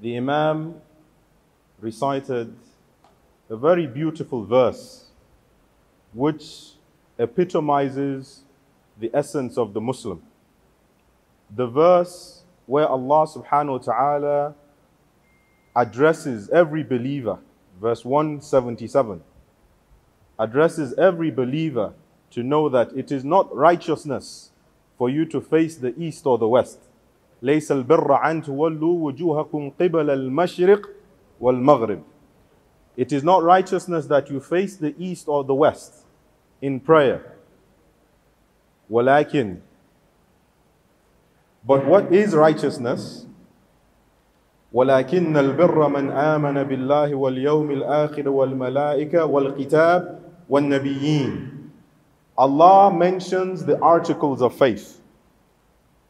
the Imam recited a very beautiful verse which epitomizes the essence of the Muslim. The verse where Allah subhanahu wa ta'ala addresses every believer, verse 177, addresses every believer to know that it is not righteousness for you to face the east or the west. ليس البر أن تولوا وجوهكم قبل المشرق والمغرب. It is not righteousness that you face the east or the west in prayer. ولكن But what is righteousness? ولكن البر من آمن بالله واليوم الآخر والملائكة والكتاب والنبيين. Allah mentions the articles of faith.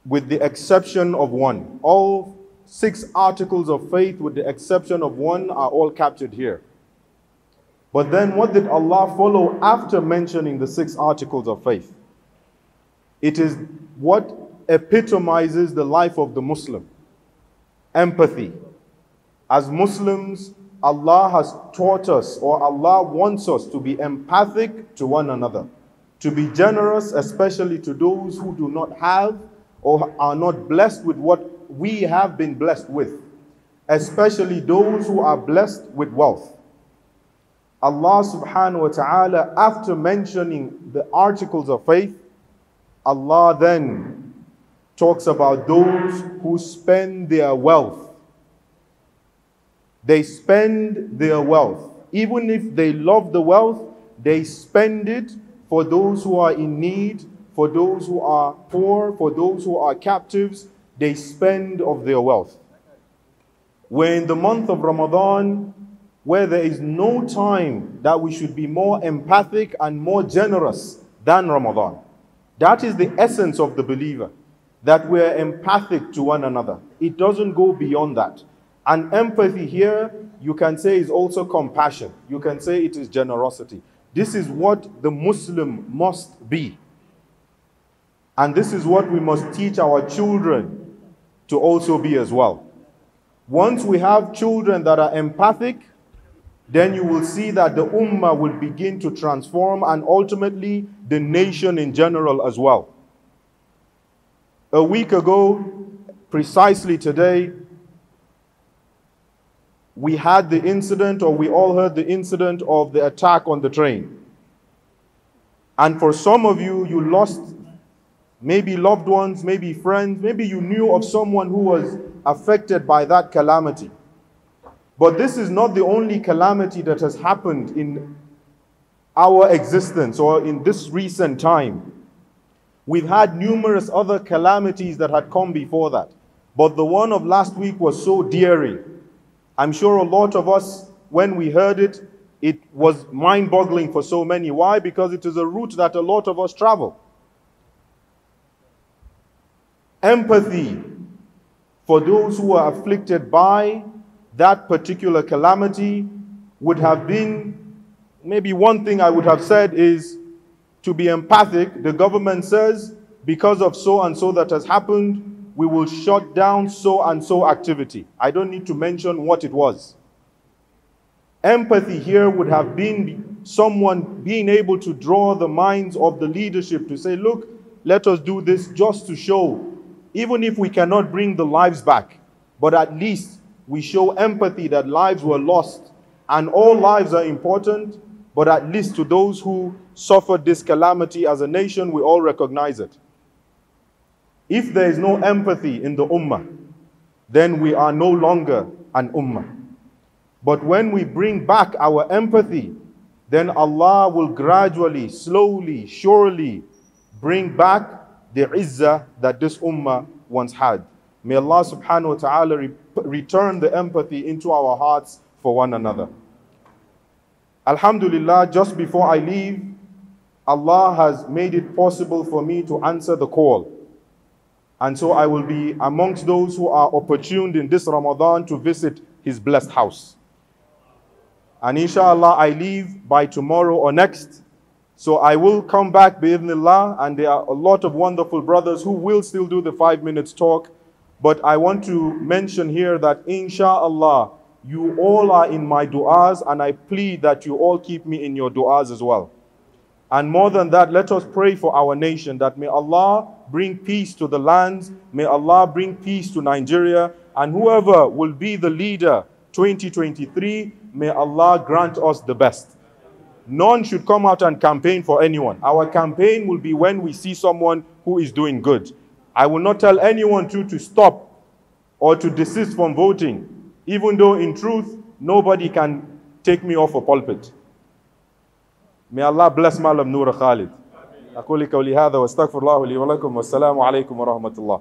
with the exception of one. All six articles of faith, with the exception of one, are all captured here. But then what did Allah follow after mentioning the six articles of faith? It is what epitomizes the life of the Muslim empathy. As Muslims, Allah has taught us, or Allah wants us to be empathic to one another, to be generous, especially to those who do not have or are not blessed with what we have been blessed with, especially those who are blessed with wealth. Allah subhanahu wa ta'ala, after mentioning the articles of faith, Allah then talks about those who spend their wealth. They spend their wealth. Even if they love the wealth, they spend it for those who are in need for those who are poor, for those who are captives, they spend of their wealth. When the month of Ramadan, where there is no time that we should be more empathic and more generous than Ramadan. That is the essence of the believer, that we're empathic to one another. It doesn't go beyond that. And empathy here, you can say, is also compassion. You can say it is generosity. This is what the Muslim must be. And this is what we must teach our children to also be as well. Once we have children that are empathic, then you will see that the ummah will begin to transform and ultimately the nation in general as well. A week ago, precisely today, we had the incident, or we all heard the incident of the attack on the train. And for some of you, you lost Maybe loved ones, maybe friends, maybe you knew of someone who was affected by that calamity. But this is not the only calamity that has happened in our existence or in this recent time. We've had numerous other calamities that had come before that. But the one of last week was so deary. I'm sure a lot of us, when we heard it, it was mind boggling for so many. Why? Because it is a route that a lot of us travel empathy for those who are afflicted by that particular calamity would have been maybe one thing I would have said is to be empathic. The government says, because of so and so that has happened, we will shut down so and so activity. I don't need to mention what it was. Empathy here would have been someone being able to draw the minds of the leadership to say, look, let us do this just to show even if we cannot bring the lives back, but at least we show empathy that lives were lost and all lives are important, but at least to those who suffered this calamity as a nation, we all recognize it. If there is no empathy in the ummah, then we are no longer an ummah. But when we bring back our empathy, then Allah will gradually, slowly, surely bring back the izzah that this ummah once had. May Allah subhanahu wa ta'ala re return the empathy into our hearts for one another. Alhamdulillah, just before I leave, Allah has made it possible for me to answer the call. And so I will be amongst those who are opportuned in this Ramadan to visit His blessed house. And inshallah, I leave by tomorrow or next so I will come back, bi'idhnillah, and there are a lot of wonderful brothers who will still do the five minutes talk. But I want to mention here that inshallah, you all are in my du'as, and I plead that you all keep me in your du'as as well. And more than that, let us pray for our nation that may Allah bring peace to the lands, may Allah bring peace to Nigeria, and whoever will be the leader 2023, may Allah grant us the best. None should come out and campaign for anyone. Our campaign will be when we see someone who is doing good. I will not tell anyone to, to stop or to desist from voting, even though in truth, nobody can take me off a pulpit. May Allah bless Malam Nur Khalid. أقول قولي هذا واستغفر الله لي ولكم والسلام عليكم ورحمة الله